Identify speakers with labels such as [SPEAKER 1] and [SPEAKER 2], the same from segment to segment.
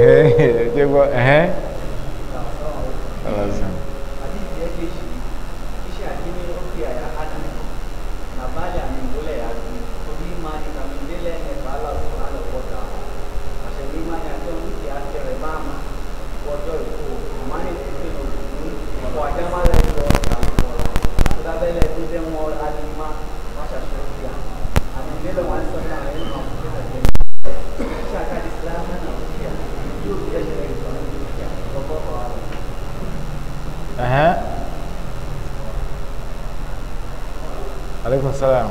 [SPEAKER 1] ṣe gbọ́ ẹ̀hẹ́n. Yeah ẹ̀hẹ́n aleykum salaam.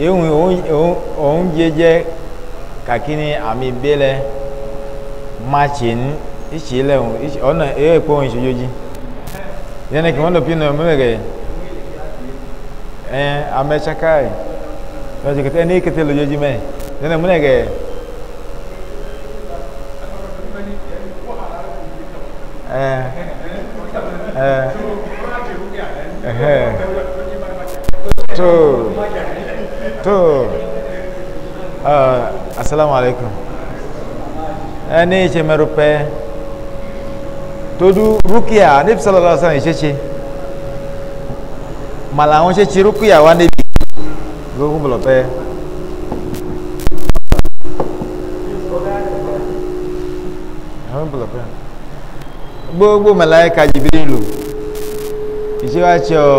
[SPEAKER 1] ehun ohun jẹjẹ kakini àmì bẹlẹ machin ìṣẹlẹ ohun ọ̀nà ohun ìṣojoji yẹn ni kí wọ́n lọ pinnu ọmọ rẹ̀ ẹ̀ amẹ́sàkáì lọ́jọ́ kẹtẹ́ ẹ̀ ní kẹtẹ́ lójoojúmẹ́ yẹn ni múnẹ̀ rẹ̀. assalamu alaikum ẹni ṣe mẹ́rùpẹ́ todu rukia níbi sọlọ́lọ́ sọ́rọ̀ ìṣẹ́ṣe màlà àwọn ṣẹ́ṣe rukia wá níbi gbogbo bọ̀lọ̀pẹ́ gbogbo mẹ́láyíká jìbìrì lò ìṣẹ́wàṣẹ́ ọ̀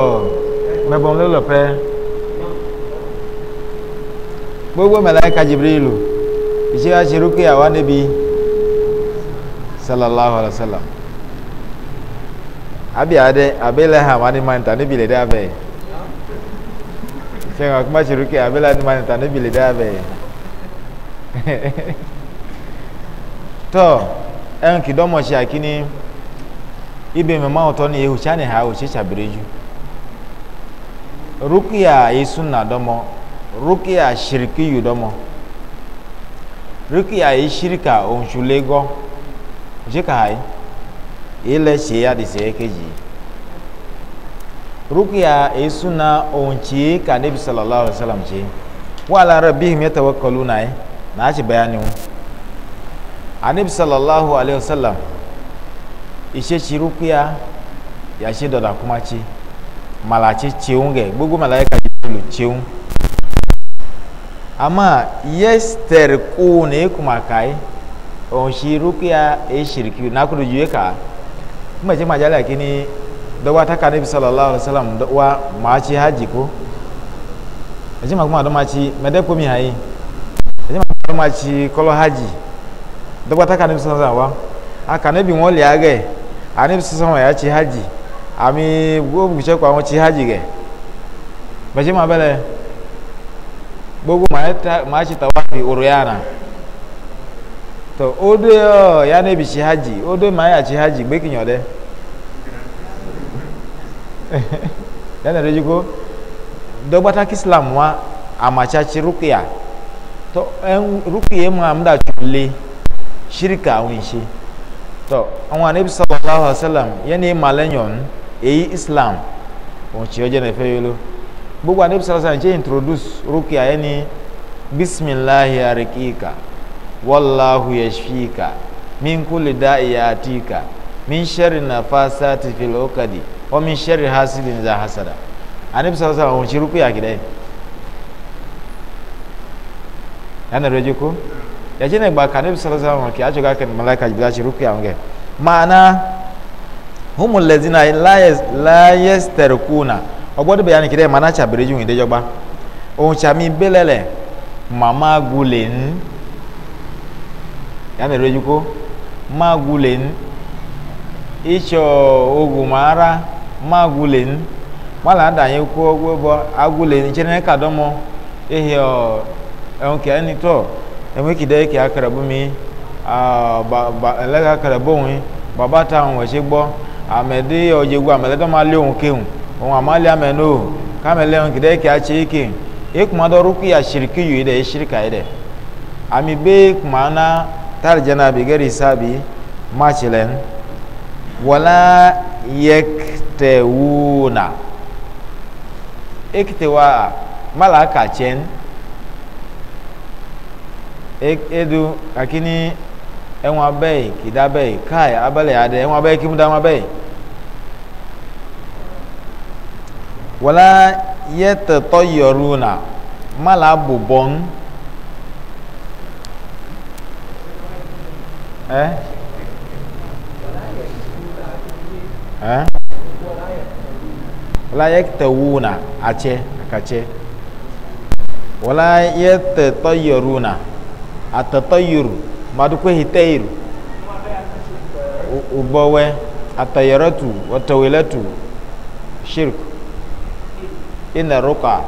[SPEAKER 1] mẹ́bọ̀n lọ́lọ́pẹ́ gbogbo mẹ́láyíká jìbìrì lò iṣẹ́ wa ṣe rúkìá wa níbi sallallahu alayhi wa sallam abi adé abẹ́lẹ̀ hàn wá ní manta níbi lè dá abẹ́ ṣe wọn kí má ṣe rúkìá abẹ́lẹ̀ hàn ní manta níbi lè dá abẹ́ tọ́ ẹn kì dọ́mọ̀ ṣe àkíní ibi mẹ́mọ́ ọ̀tọ́ ni ehu ṣáà ha ò ṣe ṣàbẹ̀rẹ̀ jù rúkìá yìí sún nà dọ́mọ rúkìá ṣìrìkì yìí dọ́mọ. riki ya ishirika onshulego jika hai ile e shi ya di dise ekeji riki ya e suna onchi ka nabi sallallahu alaihi wasallam ji wala rabbihim yatawakkaluna na shi bayani anabi sallallahu alaihi wasallam ishe shi riki ya ya shi doda kuma ci malachi ciunge gbogbo malaika lu ama yester kuna ikuma kai onshirukia eshiriki nakudu juweka kuma ce majala lakini dawa ta kanabi sallallahu alaihi wasallam dawa maci haji ko aje ma kuma da maci mede ko mi hayi aje ma da maci kolo haji dawa ta kanabi sallallahu alaihi wasallam a kanabi won le age anabi sallallahu ya ci haji ami go bu ce ko awon ci haji ge baje ma bele gbogbo màá ṣe tàwáfì òrùyànà tó ó dé ọ ya níbi ṣe hajj ó dé màá yà ṣe hajj gbé kìyàn dẹ yẹn lè dojú kó dọgbata kislam wa amachachi rukia tó ẹn rukia mu amúdà tó lé shirika àwọn ìṣe tó àwọn anabi sallallahu alayhi wa sallam yẹn ní malẹyọn èyí islam òun ṣe ọjọ́ náà fẹ́ yọ lọ gbogbo anabi sallallahu alaihi wasallam ṣe introduce rukia ẹni bisimilahi arikika wàlláhu yashfika min kulli da'iya atika min sharri nafasati fil uqadi wa min sharri hasidin idha hasada anabi sallallahu alaihi wasallam ṣe rukia kidai yana reje ko ya ce ne ba ka anabi sallallahu alaihi wasallam ki a shiga kan malaika jibril ṣe rukia ngai ma'ana humul ladzina la yastarkuna ọgbọdụ bẹ̀yà ni kìdẹ́ ìmọ̀ náà ṣàbẹ̀rẹ̀ yìí ìdẹ́jọ́gbá ohun ṣàmì bẹ́lẹ̀lẹ̀ màmá gulè ń yàtọ̀ ìrẹ́jú kó má gulè ń ìṣọ̀ ogun màára má gulè ń wàhálà àdàyẹ kó ọgbẹ́ bọ́ agulè ń ṣẹ́ ní kàdọ́mọ ehe mi ẹ̀lẹ́kà kẹrẹ̀ wọn amali amẹnu kamẹlẹ wọn kìdẹ kìá tse ike ekuma dɔ ruku ya shiriki yu yi dɛ eshirika yi dɛ ami be kuma na tari jana bi gɛri sabi maati lɛ wala yɛkitɛ na, ekitɛ wa mala ka tiɛn edu kakini ɛwọn abɛyi kida abɛyi kaayi abalẹ adɛ ɛwọn abɛyi kimuda wọn abɛyi. wala yatatayyaruna mala bubon eh eh wala yaktawuna ache akache wala yatatayyaruna atatayyuru madukwe hitairu ubowe atayaratu watawilatu shirku ina ruka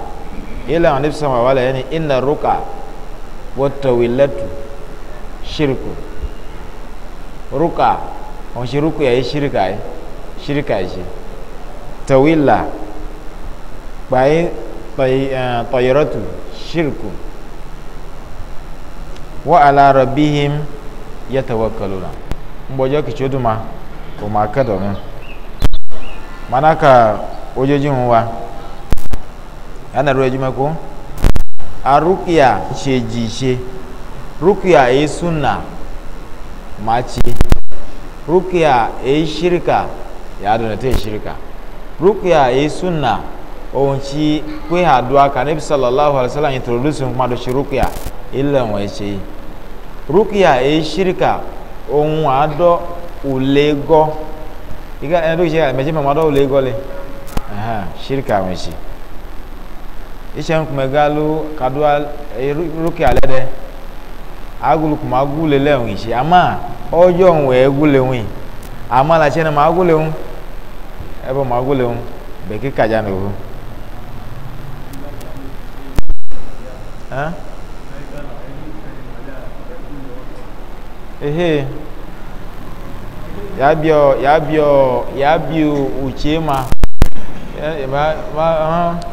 [SPEAKER 1] ila anif sama wala yani ina ruka wata wilatu shirku ruka on shi ruku yayi shirka yi shirka shi tawilla bayi eh, tayiratu shirku wa ala rabbihim yatawakkaluna mbojo ma umakadoma manaka ojojin wa yana ruwa jima ko a rukiya ce jishe rukiya e sunna mace rukiya e shirka ya dona ta shirka rukiya e sunna ohun ci kwe haduwa ka nabi sallallahu alaihi wasallam introducing kuma da shi rukiya illan wa ce rukiya e shirka ohun ado ulego iga ẹni tó ṣe àmẹ́jẹ́ mọ̀mọ́dọ́ ulego le shirka wọn ṣe. ishe nkume ga galu kadua ruki alede agulu kuma agule lehun ishe ama ojo nwe egule wi ama la chene ma agule un ebo ma agule nwu. beki kaja ne wu ha ehe yabio yabio yabio uchema ya ba ha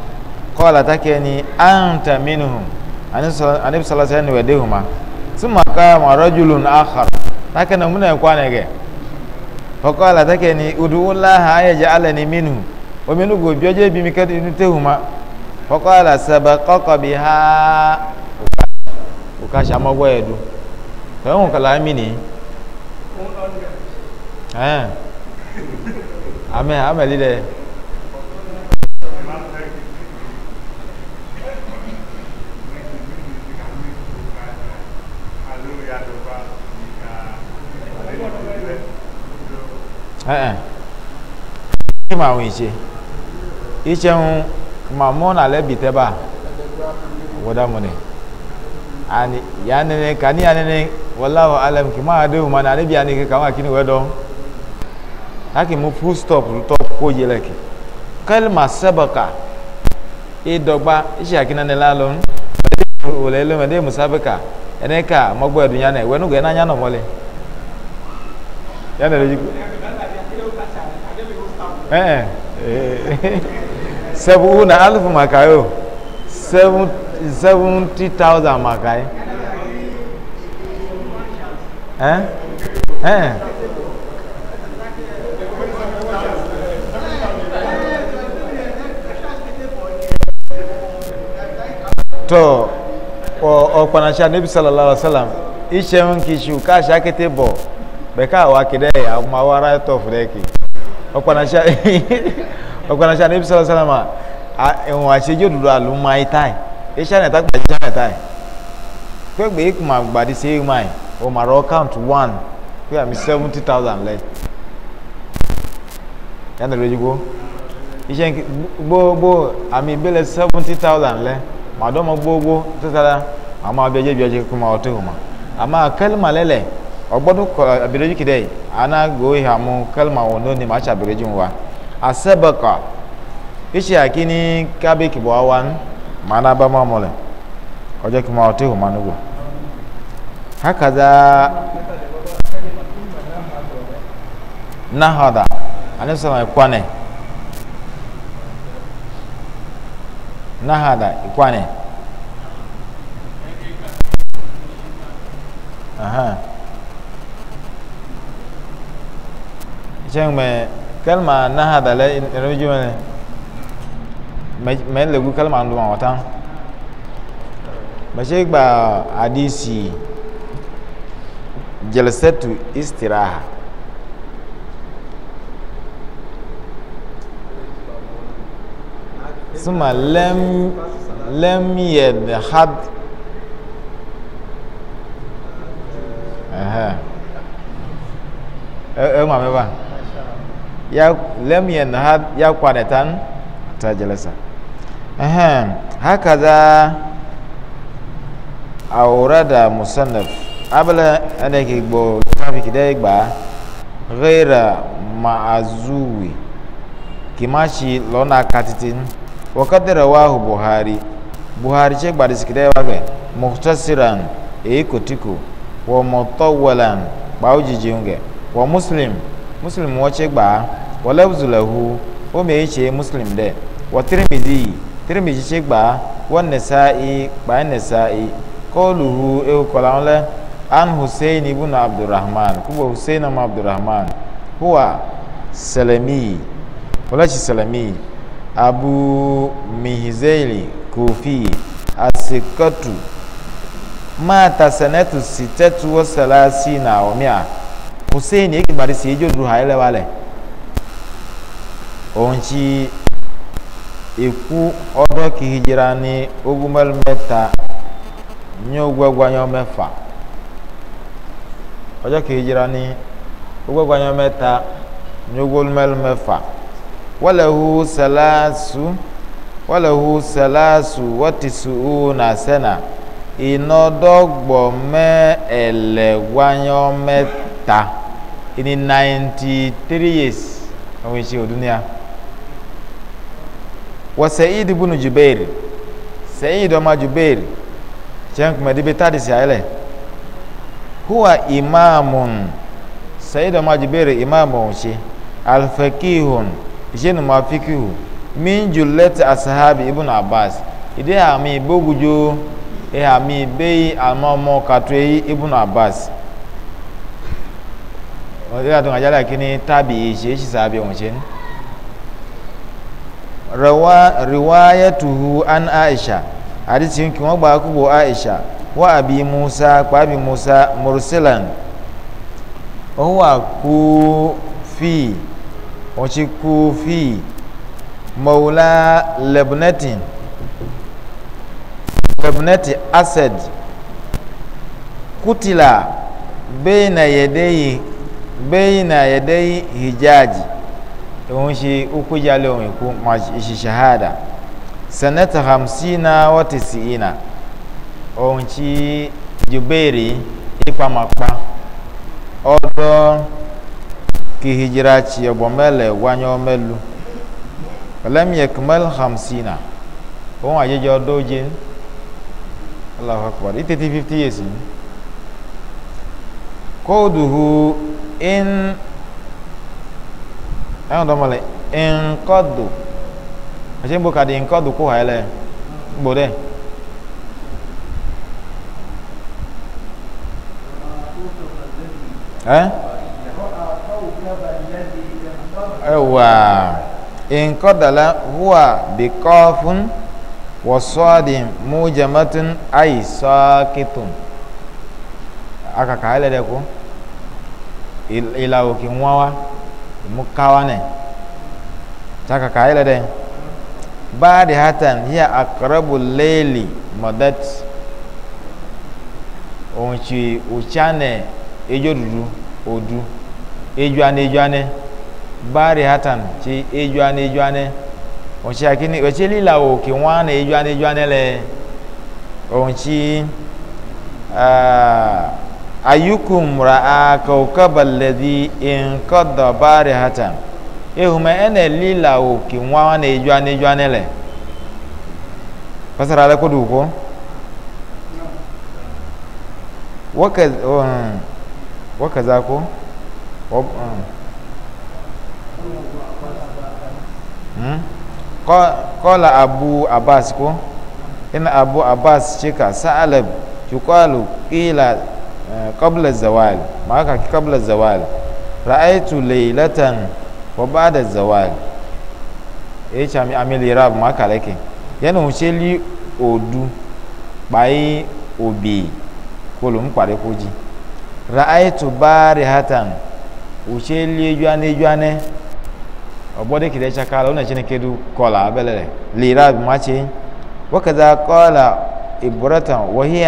[SPEAKER 1] kọ́ọ̀lá tákẹ́ ni áǹtà mínúhùn aníbísọ́lọ́sẹ́ ẹni wẹ̀dẹ́ hùmá súnmọ́ ká mọ̀rọ́júlù àkàr tákẹ́ ni múnà ẹ̀kọ́ ànẹ́gẹ̀ kọ́ọ̀lá tákẹ́ ni udúwúláhà ayẹ̀jẹ̀ alẹ́ ni mínúhùn omi inú gòbí ọjọ́ ibi mi kẹ́tù inú téhùmá kọ́ọ̀lá sẹ̀bẹ̀ kọ́kọ́ bí há òkà sàmọ́gbọ́ ẹ̀dù tẹ̀wọ̀n kàlá mí ni amẹ́ amẹ́ lílẹ̀. kí màá wọn ìṣe ìṣe ń màá mọ́ nà lẹ́bi tẹ́ bá wọ́dà mọ́ni ani yanene kani yanene wallahu alam ki ma adu mana ne bi ani ka ma kini wedo haki mu full stop to ko yele ki kalma sabaka idogba isi akina ne lalon ole lo me de musabaka eneka mogbo edunya na ewe nu ge na nya no mole ya na leji eh sebu na alfu makayo 70000 makai eh eh to ọ̀pànàṣà níbi sàlọ́lá ọ̀sálàm ìṣẹ́un kìí ṣù káàṣà kété bọ̀ bɛka awa kidɛ ama awara tɔfu dɛ ke ɔkpanasha ɔkpanasha nebi sɔrɔ sɛlɛma ɛwọn asedzo dudu alu e, ma yi tai esi anata kpa esi anata yi kpɛgbɛ ekuma gbadi se ma yi o ma rɔ count one pe ami seventy thousand lɛ yanni ɛdi edigbo iṣẹ́ gbogbo àmì ìbílẹ̀ seventy thousand lẹ́ màdọ́mọ gbogbo tó sára àwọn abẹ́jẹ́ bíi ọjọ́ kó máa ọtí hùmà àmọ́ akẹ́lùmọ̀ lẹ́lẹ̀ ogbodu eh, abireji kide ana gohihamu ha mu kalma wono ni macha abireji wa asabaka ishi akini kabe ki bo mana ba mamole oje ki ma otehu manugo hakaza nahada anasema ikwane nahada ikwane aha uh -huh. kyɛn mɛ kalima naha da lɛ ɛrɛmɛdzi mɛ mɛ lɛgu kalima ŋdoma wɔtan mɛtsɛ gba adi si jɛlɛsɛtu istiraha suma lɛm lɛm yɛ de had ɛhɛ ɛ ɛ ŋmaa ya lam yanhad ya kwanatan ta jalasa ahem haka za aurada musannaf abla ana ke gbo traffic da igba ghaira ma'azuwi kimashi lona katitin wa kadara wahu buhari buhari ce gba da suke da yawa ga muhtasiran eyi kotiko wa mutawalan ba ojijin wa muslim muslim wace gba wọlẹ́wùzùlẹ̀hu ó mèé ṣe muslim dẹ̀ wọ́n tirimidi tirimidi ṣe gbà wọ́n nẹ̀sáì gbà nẹ̀sáì kọ́ọ̀lùhu ewu kọ́lá wọn lẹ́ an hussein ibùnà abdulrahman kúbọ̀ hussein ọmọ abdulrahman huwa sẹlẹ̀mí wọ́lẹ́ṣi sẹlẹ̀mí abu mihizaili Kufi Asikatu ma ta sẹnẹtù sí tẹ́tù wọ́sẹ̀lá sí nà ọ̀míà hussein yìí kìí bàdí sí ijó onci iku ọdọ kìhìjìra ní ogún mẹ́rin mẹ́ta ní ogún ẹgbanyọ mẹ́fà ọjọ́ kìhìjìra ní ogún ẹgbanyọ mẹ́ta ní ogún mẹ́rin mẹ́fà wọ́lẹ̀hu sẹ́láàsù wọ́lẹ̀hu sẹ́láàsù wọ́tìsù na sẹ́nà ìnọdọ́gbọ̀ mẹ́ẹ̀lẹ́gbanyọ mẹ́ta ìní ninety three years ọ̀hún ìṣe wa sa'id ibn jubair sa'id ọmọ jubair jẹun kùmẹ̀ díbi tá a huwa imaamun sa'id ọmọ jubair imaamun ṣe alfakihun ọma nu ma fikihu min julẹti asahabi ibn abbas ìdí àmì ìgbógujo àmì ìbéyì àmọ́ ọmọ kàtó ibn abbas Rawa riwayatuhu an aisha hadisi yinki wọn gba akúgbò aisha wa abi musa kpabi musa mursilan òun wà fi òun ti kú fi Maula lebneti lebneti acid. kutila bẹ́yìn na yẹ̀dẹ́yìn bẹ́yìn na yẹ̀dẹ́yìn hijaj domin shi uku jalo mai ku shi shahada sanata hamsina wa siina ohun ci jubairi ipa makpa ọdọ kihijira ci ọgbọ mẹlẹ wanyọ mẹlu ọlẹmi ekmel hamsina ohun ajẹjẹ ọdọ oje allahu akbar itete fifty years ni kóòdù hu in ɛn dɔ mɔlɛ nkɔdu ɛsɛ nbo ka di nkɔdu kó ha yɛ lɛ gbɔ dɛ. ɛwà nkɔdala huwa bikɔfun wɔsɔɔdi mujamatun ayi sɔɔkitun akaka yɛ dɛ ko ìlà òkè ń wá wá mukawane taka kaila den badi hatan hiya akrabu leli madat ohun ti uchane ejo odu ejo ane ejo ane bari hatan ti ejo ane ejo akini oche lila o ki wan ejo ane le ohun ti uh, ayukum ra'a kaukaba alladhi inqadha barihatan ehuma ene lila oki nwa na eju ani eju ani le fasara le kodu ko waka um, waka za ko um. hmm? kola abu abbas ko ina abu abbas chika sa'alab yuqalu qila قبل الزوال معك قبل الزوال رأيت ليلة وبعد الزوال ايش عم يعمل إراب معك عليك يعني وشيلي أودو باي أوبي كلهم قاري كوجي رأيت بارهة وشيلي جواني جواني وبعد كده شكالا ونحن كده كولا بلله لإراب ماشي وكذا قال إبرة وهي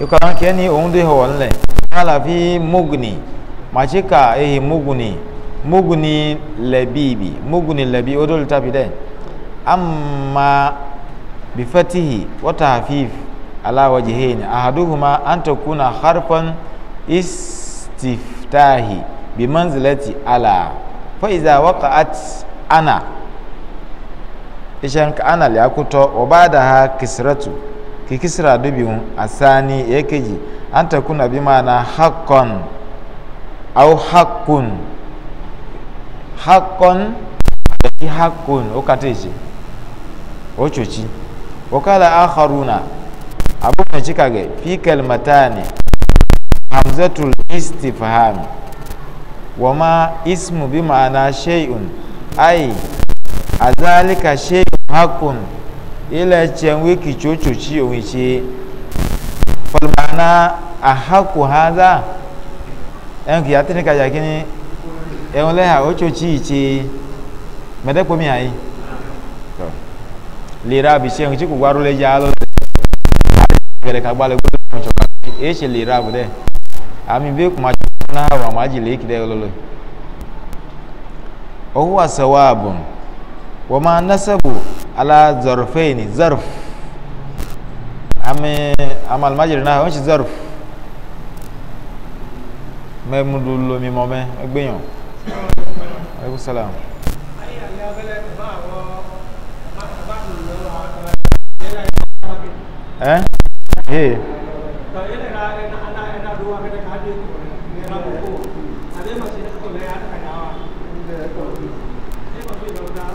[SPEAKER 1] ikaran keni ohun de ho nle ala fi mugni machika ehi mugni mugni labibi mugni labi odol tabide amma bi fatihi wa tahfif ala wajhayn ahaduhuma an takuna harfan istiftahi bi manzilati ala fa iza waqa'at ana ishan ka ana liakuto wa ba'daha kisratu kikisira do bi asani ekeji antakuna bi maana haqqan au haqqun haqqan ki haqqun o kateji wakala akharuna abu ne chikage fi kalmatani hamzatul istifham wama ismu bi maana shay'un ay azalika shay'un haqqun ila cen wiki cococi wice falmana a haku haza yan ki yati ni ka yaki ni yan leha o coci ice mede komi ayi lera bi se ci ku gwaru le jalo gere ka gbale gbale mo coka e se lera bu de ami be kuma na wa maji le ki de lolo o huwa sawabun wama nasabu ala zarfaini zarf ame ama almajiri na wọn si zarf mẹmudu lomi mọmẹ ẹgbẹyàn aleykum salaam. ẹ ẹ.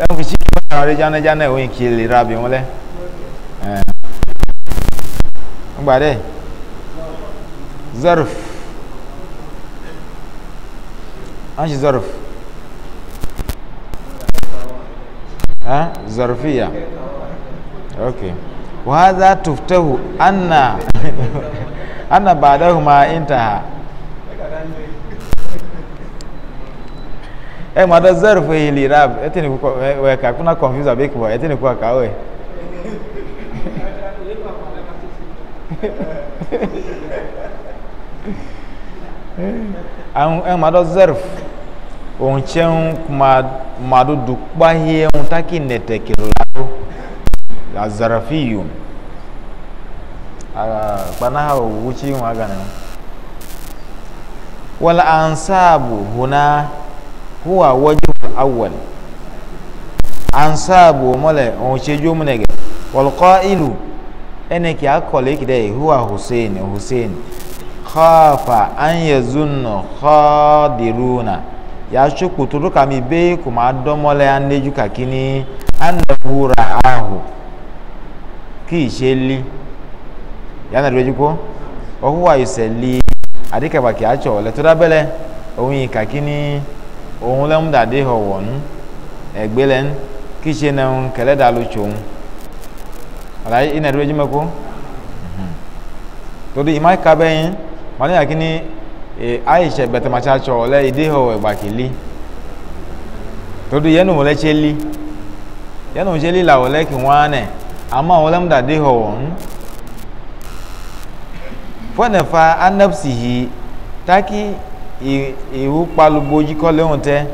[SPEAKER 1] ẹnfì sí kí wọn àárẹ jánájáná ìwé kí lè ra bí wọn zarf an ṣe zarf ha zarfiya ok وهذا تفتح أن أن intaha ẹ mọ adọ zẹrù fún ilé rab ẹ tẹni kú ẹ kà kúnà confuse àbí kúbọ ẹ tẹni kú àká wẹ. ẹ mọ adọ zẹrù òun tsẹun màdúdú kpahiẹ ń takì nẹtẹ kìlọ lọ azarafi yom kpanaha owó tsi wọn agana wọlé ansaabu hona huwa wajibul awwal ansabu mole on chejo munege wal qailu ene ki akole kide huwa husain husain khafa an yazunnu khadiruna ya shuku turuka mi be kuma domole aneju kakini annahu ra'ahu ki sheli yana reju ko o huwa yuseli adika baki acho le tudabele ohun kakini òun lẹ́nu dàdé ọ̀wọ̀ nù ẹ̀gbẹ́ lẹ́nu kíṣe nẹ́nu kẹlẹ́ dà ló tsohun àlàyé iná ẹ̀dúró ẹ̀djú mẹ́kọ́ torí ìmá kábẹ́ yín màlẹ́ yà kí ni àyíṣẹ́ bẹ̀tẹ̀màṣá tsọ̀ ọ̀lẹ́ ìdé ọ̀wọ̀ ẹ̀gbà kìlí torí yẹnu wọlé tse li yẹnu tse li la wọlé kí wọn anẹ àmọ́ wọlé mu dàdé ọ̀wọ̀ nù fọ́nẹ̀fà anẹ́pùsì yìí iwu kpalugbo jikọle nwute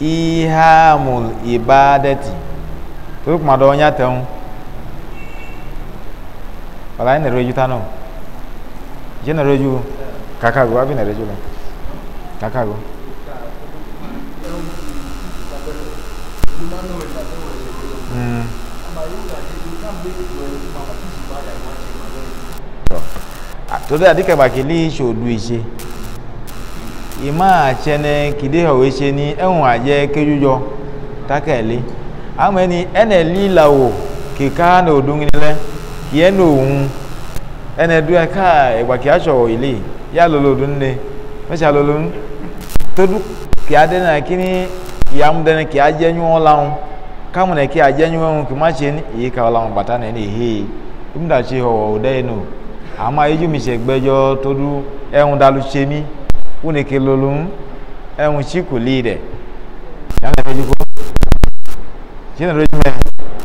[SPEAKER 1] ihe amul ibadeti tó kumadọ ọnya tẹun wàlá yìí nàrẹ́jú tánà jẹ́ nàrẹ́jú kàkàgó àbí nàrẹ́jú lọ kàkàgó. Mm. torí àdìkàgbà kìí ní ìṣòdù ìṣe ima atsene kide hɔ wetse ni eŋu adze kedzudzɔ take li ame ni ene li la wo keka ne o dunu lɛ kie ne o ŋu ene do ya ka egba kia tsɔ o ili ya lolo dunu ne mesi alolo nu todu kia de na kini yamu de ne kia dze nyuɔ la ŋu kamu ne kia dze nyuɔ ŋu kima tse ni iyi ka o la ŋu gbata ne ne hee imu mi se gbɛdzɔ todu ɛŋu dalu tse une ke lolum e un chiku lide yana ke jiko shine roji me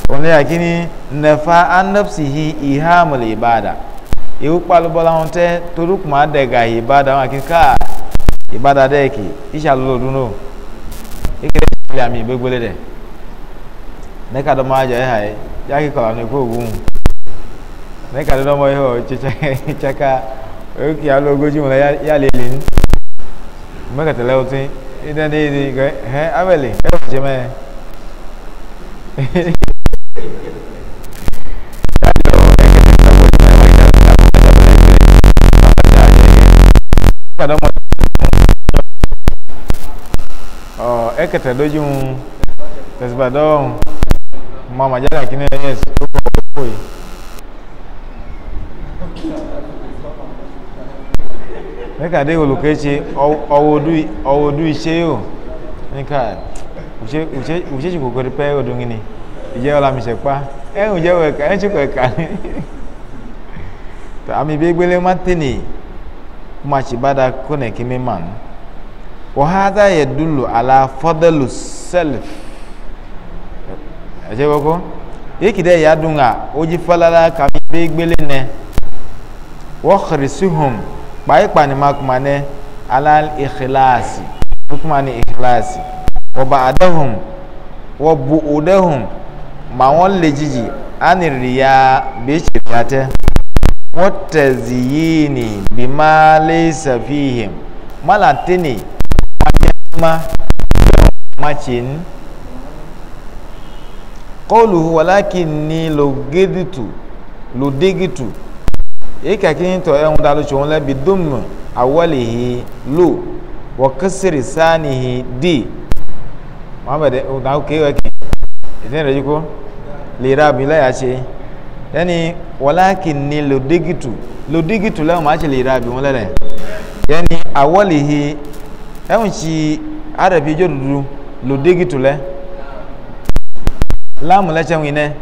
[SPEAKER 1] wani yakini nafa an nafsihi ihamul ibada iwu kpalubola hun te toruk ma daga ibada wọn kika ibada deki isha lolo duno ikere shile ami gbegbele de neka domo aja eha e ya kikola ni ko ogun neka domo ihe o chichaka oke ya lo ogoji mula ya lele ni mɛkɛtɛlɛ wotsi idan de yi kɛ hɛ abɛli ɛfɛ tsi mɛ ɔ ɛkɛtɛ do dzi ŋu tɛsiba dɔ mama dza la kini ɛyɛ ɛsi kó kó yi mẹ́ka dé olùkéṣe ọwọ́dú iṣẹ́ yóò níka òṣèṣì kò kọ́rí pẹ́ ọdún yìí ni ìjẹ́ ọlámìṣẹ́ pa ẹ̀hùn jẹ́ ẹ̀ka ẹ̀hùn ṣe kọ̀ ẹ̀ka ni àmì ìbí gbélé má tẹ̀lé kó má ṣe bá da kó nà kí mi mà ní. wàhálà yẹ dùlù àlà fọdẹlù sẹlẹf ẹ̀ṣẹ́ kọ́kọ́ yìí kìdẹ́ ìyá dùn à ó jí fọlá kàmí ìbí gbélé nẹ wọ́n kìrì sí hùm kpaikpani makumane alal ikhilasi makumani ikhilasi wọba adahum wọbu udahum ma wọn le jiji ani riya bece riyate wata ziyini bi ma laisa fihim mala tini ma macin qawluhu walakin ni lugiditu ludigitu ika kini to ehun dalu chon le bidum awalihi lu wa kasri sanihi di muhammad na eh, oh, ke wa ke idan da jiko li rabi la ya ce yani walakin ni lu digitu lu digitu la ma ce li rabi wala le yani awalihi ehun ci arabi jodudu lu digitu le lamu la chawine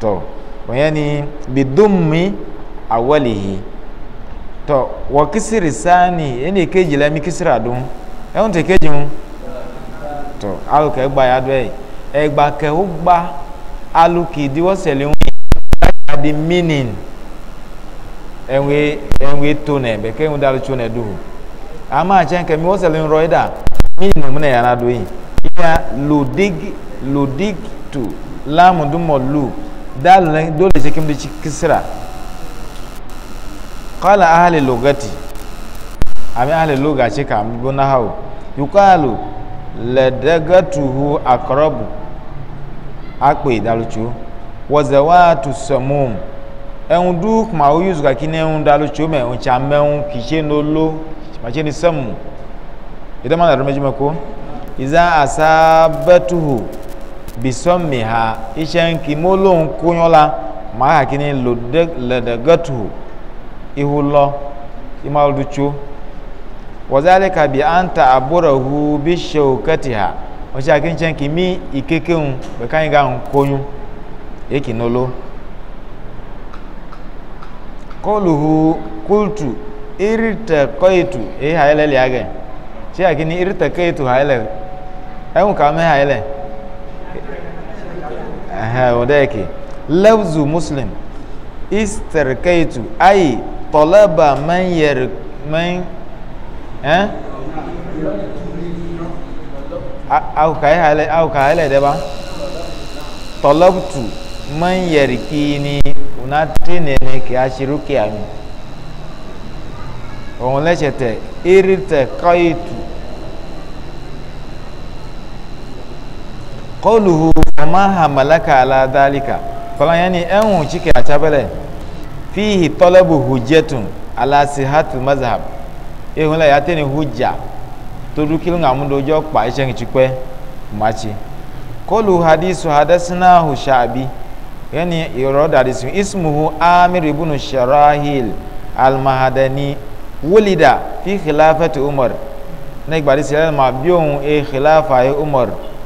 [SPEAKER 1] to yani bidummi awalihi to wa kisiri sani ene keji la mi kisira dun e on te keji to aluka ke gba ya do e e gba ke o gba alu ki di wo sele un the meaning enwe enwe to ne be ke un chu ne du ama chen ke mi wo sele roida meaning mu ne ya na do yi ya ludig ludig tu lamu dumo lu dal nan dole sai kin ci kisra qala ahli lugati ami ahli luga ce ka mi bona hawo yuqalu ladagatuhu aqrabu ape dalucho wa zawatu samum ehun du ma o use ka kini ehun dalucho me ehun cha mehun ki se no lo ma se ni samu idan ma na rumeji mako iza asabatuhu bisɔmi ha iṣẹ́ nkì mo lóhun kóyán la màá kàkí ni lòdẹ́gẹ́tù ihu lọ ìmọ̀lùdùtso wọ́zálẹ̀ kàbí àǹtà àbúrọ̀hu bí ṣèwò kẹ́tì ha wọ́n ṣe àkínṣe nkì mí ìkékéhùn bẹ̀káyìngá ń kóyún èkì ní oló kọlùhù kúltù irítẹ̀kọ́ìtù èyí ha ẹlẹ́lẹ́ àgẹ̀ ṣe àkíní irítẹ̀kọ́ìtù ha ẹlẹ́ ẹ̀hùn kàmẹ́ ha ẹlẹ́ aha wanda yake lafzu muslim istarkaitu ai talaba man yar man eh au kai hale au kai hale da ba talabtu man yarkini una tene ne ki shiru ki ami on lechete irte kaitu kọluhu ọmaha malaka aladalika kọlọnyani ẹhùn chike àtsabẹlẹ fihi tọlẹbu hujjẹtun alasihatu mazhab ehun la yàtẹni hujja todu kí ló ń amúdo ọjọ kpa iṣẹ nìtsukpẹ màtsi kọluhu hadisu hadasinahu shaabi yẹni ìrọ̀dà hadisu ismuhu amir ibunu sharahil almahadani wulida fi khilafati umar nígbà tí sẹ́yìn ma bí òun e khilafa e umar.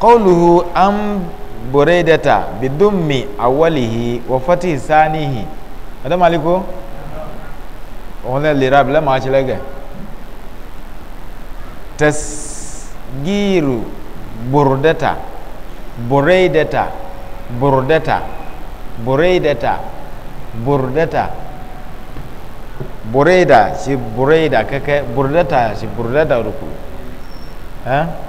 [SPEAKER 1] قوله أم بريدة بضم أوله وفتح ثانيه هذا مالكو هنا لراب لا ما أشلقه تسجير بردة بريدة بردة بريدة بردة بريدة شي بريدة كك بردة شي بردة ركوب ها أه؟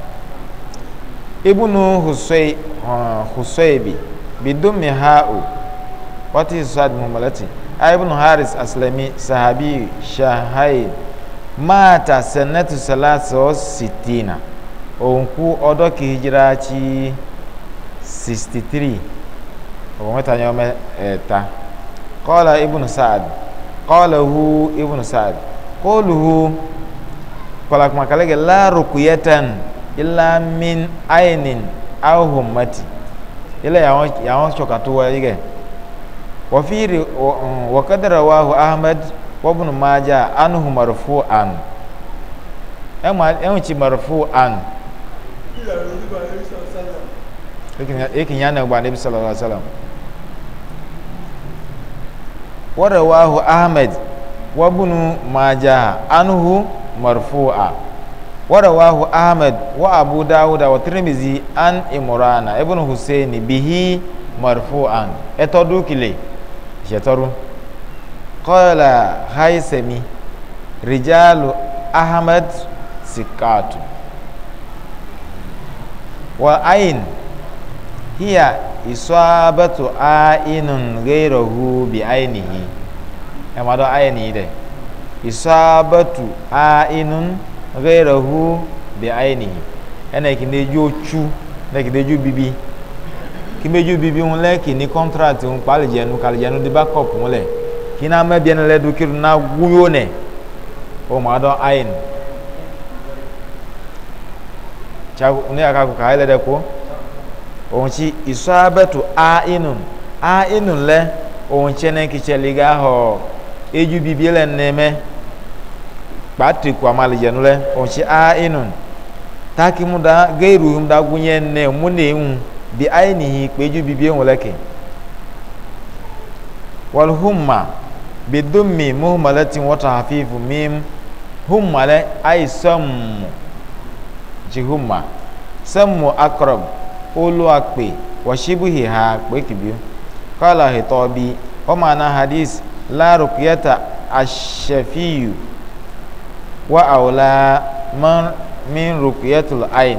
[SPEAKER 1] ibnu husay uh, husaybi bidumi ha'u wati hisad mumalati ah, ibnu haris aslami sahabi shahaid mata sanatu salasa wa sitina onku ọdọ kihijirachi 63 ọgbọn mẹta ni ọmọ eh, ẹta kọla ibnu saad kọla hu ibnu saad kọlu hu kọlakumakalege la rukuyatan illa min ainin aw hummati ila yawon yawon shokatu wa yige wa fi wa qadara mm, wa ahmad wa ibn majah anhu marfu'an amma an ci marfu'an yakin yana ba nabi sallallahu alaihi wasallam wa rawahu ahmad wa ibn anhu marfu'a ورواه أحمد وأبو داود والترمذي عن إمران ابن حسين به مرفوعا اتدوك لي شترو قال هيسمي رجال أحمد سكات وأين هي إصابة عين غيره بعينه أما ده عينه ده إصابة عين ghayrahu bi ainihi ene ki neju ochu ne ki neju bibi ki meju bibi un le ki ni contract un pa le jenu ka le jenu di backup un le ki na me bien le du ki na wuyo ne o ma do ain cha ne aka ku ka ile de ko ohun ti isabatu ainun ainun le ohun chene ki cheliga ho eju bibi le neme kpati ku ama alijanu lɛ ɔnsi a inu taki mu da geiru mu da gunye ne mu ne ŋu bi ayi nihi kpeju bibi ŋu lɛ ke wɔli huma bi do mi mu huma lɛ ti wɔta hafi fu mim huma lɛ ayi sɔmu ji huma sɔmu akɔrɔb olu akpe wɔsibu hi ha kpe kibiu kɔla hitɔ bi wɔma hadis la rukuyata ashafiyu wa awla man min ruqyatul ain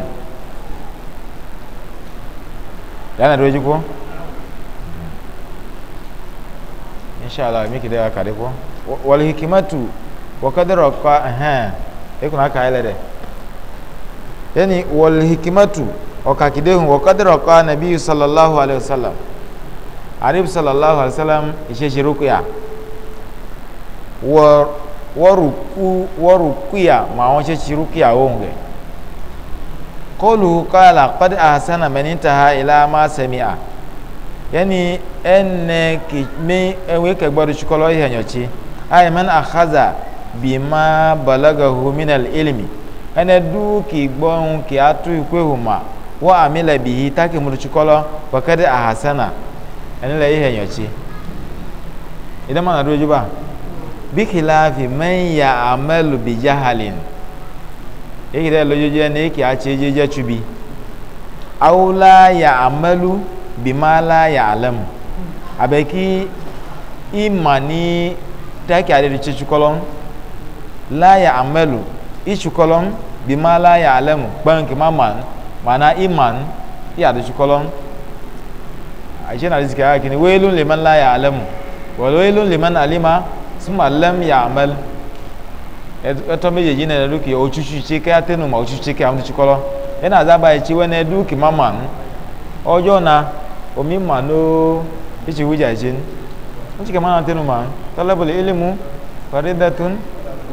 [SPEAKER 1] dana do jiko insha Allah miki da ka de ko wal hikmatu wa qadra ka ha e kuna ka ile de yani wal hikmatu wa ka kide wa qadra ka nabi sallallahu alaihi wasallam arif sallallahu alaihi wasallam ishe shiruqya wa warukuya ma wọn ṣe ṣe rukuya ohun rẹ kọlu kọlá kọdí ahasana mẹninta ha ilá máa sẹmi a yẹni ẹnẹ mi ẹwẹ kẹgbọdọ ṣukọlọ bima ayẹmẹ náà àkàzà bí má balaga hominal ilimi ẹnẹ dúkì gbọ́n kì á tú ikú ehùmà wọ́n àmìlẹ̀ bìí tákì múlò ṣukọlọ kọkẹ́dẹ́ ahasana ẹnilẹ̀ ìhẹnyọchi ìdámọ̀ nàdúró jùbà bikilafi man ya amalu bi jahalin yake da lojoje ne yake a ce jeje cubi aula ya amalu bi ma la ya alam abeki imani take ade ci cukolon la ya amalu i cukolon bi ma la ya alam banki maman mana iman iya da cukolon a ce na rizika ya kini wailun liman la ya alam wailun liman alima suma lem ya amel ẹtọ méjèèjì náà ẹdú kì òtútù tí kí atẹnu mà òtútù tí kí àwọn tuntun kọlọ ẹnna àzába ẹtí wẹni ẹdú kì má mà ń na omi ma nó ẹtì wújà ẹtì ń tí kì má ma tẹnu mà ń tọ́lẹ́bùlẹ̀ ẹlẹ́mu fàdé dẹ́tún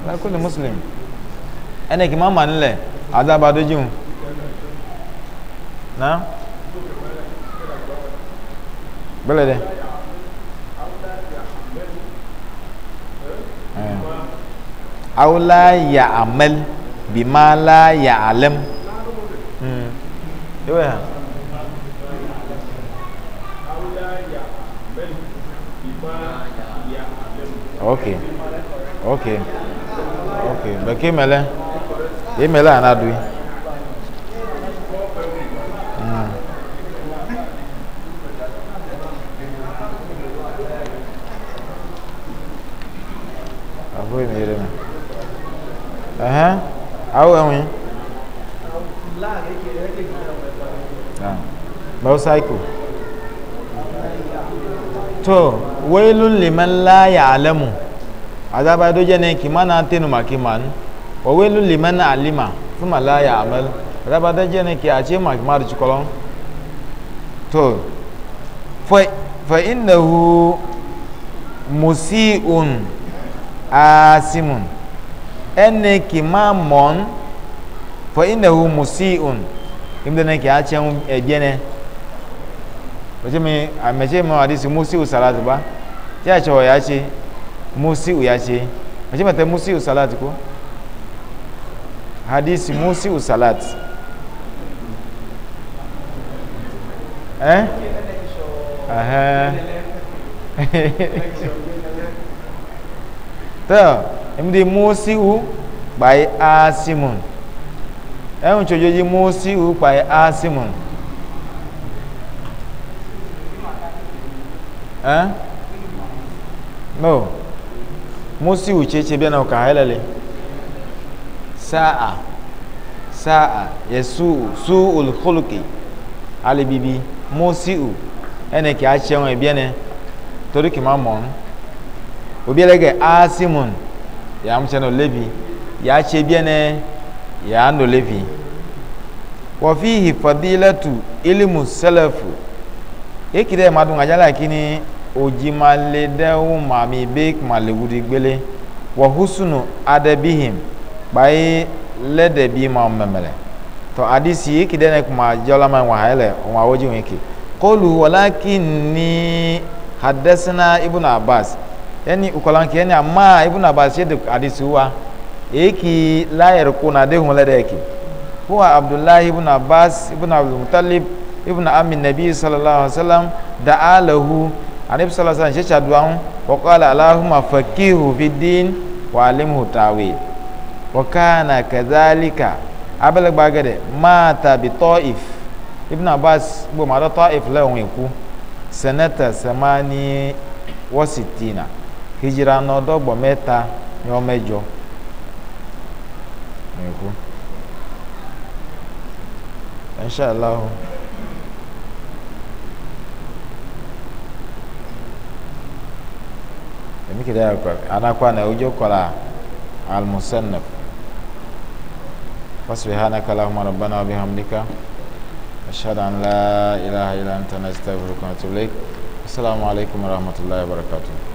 [SPEAKER 1] lákùlẹ̀ mùsùlùm ẹnna kì má mà ń lẹ̀ àzába na gbẹlẹ aw la ya'mal bima la ya'lam hmm yau ya okay okay okay bake mele ye mele anadui hmm. Avoy mi yerime. Ẹ̀hẹ́n, awo ẹ̀wìn. Motorcycle. To, wailun liman la ya'lamu. Azaba do jẹ́ ní kìmánà tẹnu màkìmánu. Wa wailun liman alima fún màlá ya'malu. Azaba do jẹ́ ní kì àti màkìmánu jùkọ́lọ́. To, fa innahu musi'un asimun ene ki ma mon fa innahu musiun imde ne ki ache un ejene meche mi meche mo hadisi musiu salatu ba ti ache o yache musiu yache meche mate musiu salatu ko hadisi musiu salat eh aha to imde musiu kpai asimun ẹ̀hún tsojoji mosiu kpai asimun ẹ́ eh? no mosiu tsetse bia na ọka ayẹlẹ le saa saa yẹ suu suu olùkọlùkì alibibi mosiu ẹnì kì í atsẹ̀ wọn ẹ̀bí ẹnì torí kì í mọ̀ ọ́n obi ẹlẹ́gẹ̀ asimun yà á mú tsẹ̀ ya ce biene ya no levi wa fihi fadilatu ilmu salafu ekide madu ngajala kini ojimale dewu mami bek malewudi gbele wa husnu adabihim bai bi ma memele to hadisi ekide ne kuma jolama wa hele wa woji wiki qulu walakinni haddathana ibnu abbas yani ukolanki yani amma ibnu abbas yede hadisi wa eki la yarquna dehum la daki huwa abdullah ibn abbas ibn abdul muttalib ibn ammi nabi sallallahu alaihi wasallam da'a lahu anabi sallallahu alaihi wasallam shesha du'an wa qala allahumma faqihu fid din wa alimhu ta'wil wa kana kadhalika abalagba gade mata bi ta'if ibn abbas bo ma da ta'if la won ku sanata samani wa sittina hijra no dogbo meta yo mejo ẹ̀kú inshallah èmi kìí dáa kọ anakọ àná ojú kọlá almusannaf فسبحانك اللهم ربنا وبحمدك أشهد أن لا إله إلا أنت نستغفرك ونتوب إليك السلام عليكم ورحمة الله وبركاته